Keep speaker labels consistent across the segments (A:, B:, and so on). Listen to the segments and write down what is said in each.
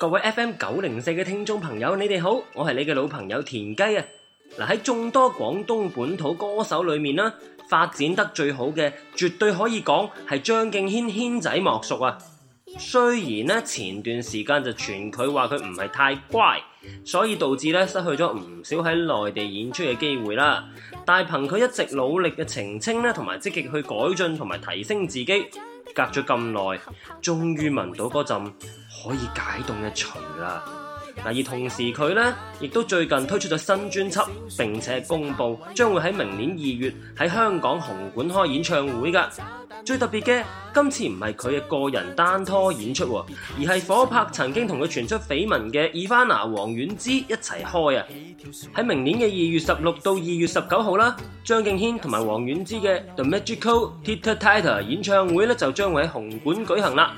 A: 各位 FM 九零四嘅聽眾朋友，你哋好，我係你嘅老朋友田雞啊！嗱，喺眾多廣東本土歌手裏面啦，發展得最好嘅，絕對可以講係張敬軒軒仔莫屬啊！雖然呢，前段時間就傳佢話佢唔係太乖，所以導致咧失去咗唔少喺內地演出嘅機會啦，但係憑佢一直努力嘅澄清咧，同埋積極去改進同埋提升自己。隔咗咁耐，終於聞到嗰陣可以解凍嘅除啦～嗱，而同時佢咧，亦都最近推出咗新專輯，並且公布將會喺明年二月喺香港紅館開演唱會㗎。最特別嘅，今次唔係佢嘅個人單拖演出，而係夥拍曾經同佢傳出緋聞嘅伊凡娜王菀之一齊開啊！喺明年嘅二月十六到二月十九號啦，張敬軒同埋王菀之嘅 The Magical Teeter Totter 演唱會咧，就將會喺紅館舉行啦。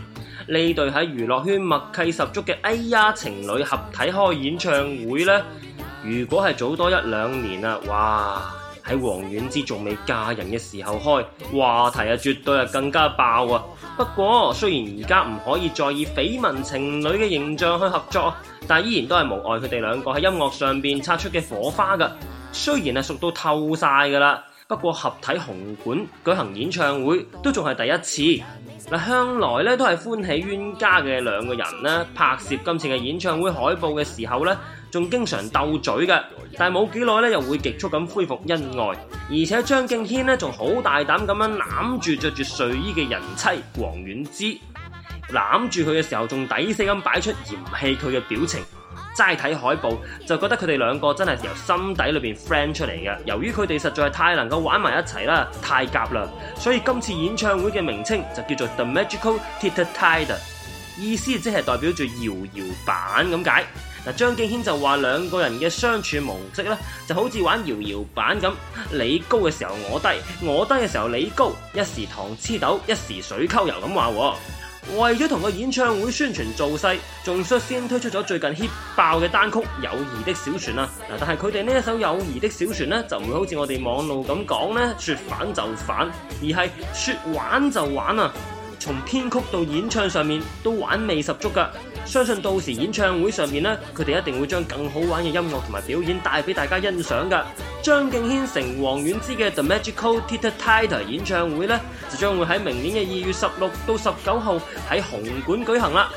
A: 呢對喺娛樂圈默契十足嘅，哎呀情侶合體開演唱會呢，如果係早多一兩年啦，哇！喺王菀之仲未嫁人嘅時候開，話題啊絕對係更加爆啊！不過雖然而家唔可以再以緋聞情侶嘅形象去合作，但依然都係無礙佢哋兩個喺音樂上邊擦出嘅火花噶。雖然係熟到透晒噶啦。不過合體紅館舉行演唱會都仲係第一次，向來都係歡喜冤家嘅兩個人呢，拍攝今次嘅演唱會海報嘅時候呢，仲經常鬥嘴嘅，但係冇幾耐咧又會極速咁恢復恩愛，而且張敬軒呢仲好大膽咁樣攬住着住睡衣嘅人妻王菀之，攬住佢嘅時候仲抵死咁擺出嫌棄佢嘅表情。齋睇海報就覺得佢哋兩個真係由心底裏邊 friend 出嚟嘅。由於佢哋實在太能夠玩埋一齊啦，太夾啦，所以今次演唱會嘅名稱就叫做 The Magical Teeter Totter，意思即係代表住搖搖板咁解。嗱，張敬軒就話兩個人嘅相處模式咧，就好似玩搖搖板咁，你高嘅時候我低，我低嘅時候你高，一時糖黐豆，一時水溝油咁話。為咗同個演唱會宣傳造勢，仲率先推出咗最近 hit 爆嘅單曲《友誼的小船》。但係佢哋呢首《友誼的小船》呢，就不會好似我哋網路咁講呢，說反就反，而係說玩就玩啊！從編曲到演唱上面都玩味十足噶。相信到時演唱會上面，咧，佢哋一定會將更好玩嘅音樂同埋表演帶俾大家欣賞嘅。張敬軒成王菀之嘅 The Magical Teeter Totter 演唱會咧，就將會喺明年嘅二月十六到十九號喺紅館舉行啦。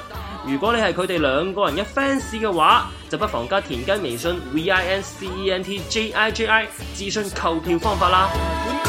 A: 如果你係佢哋兩個人嘅 fans 嘅話，就不妨加田雞微信 V I N C E N T J I G I 諮詢購票方法啦。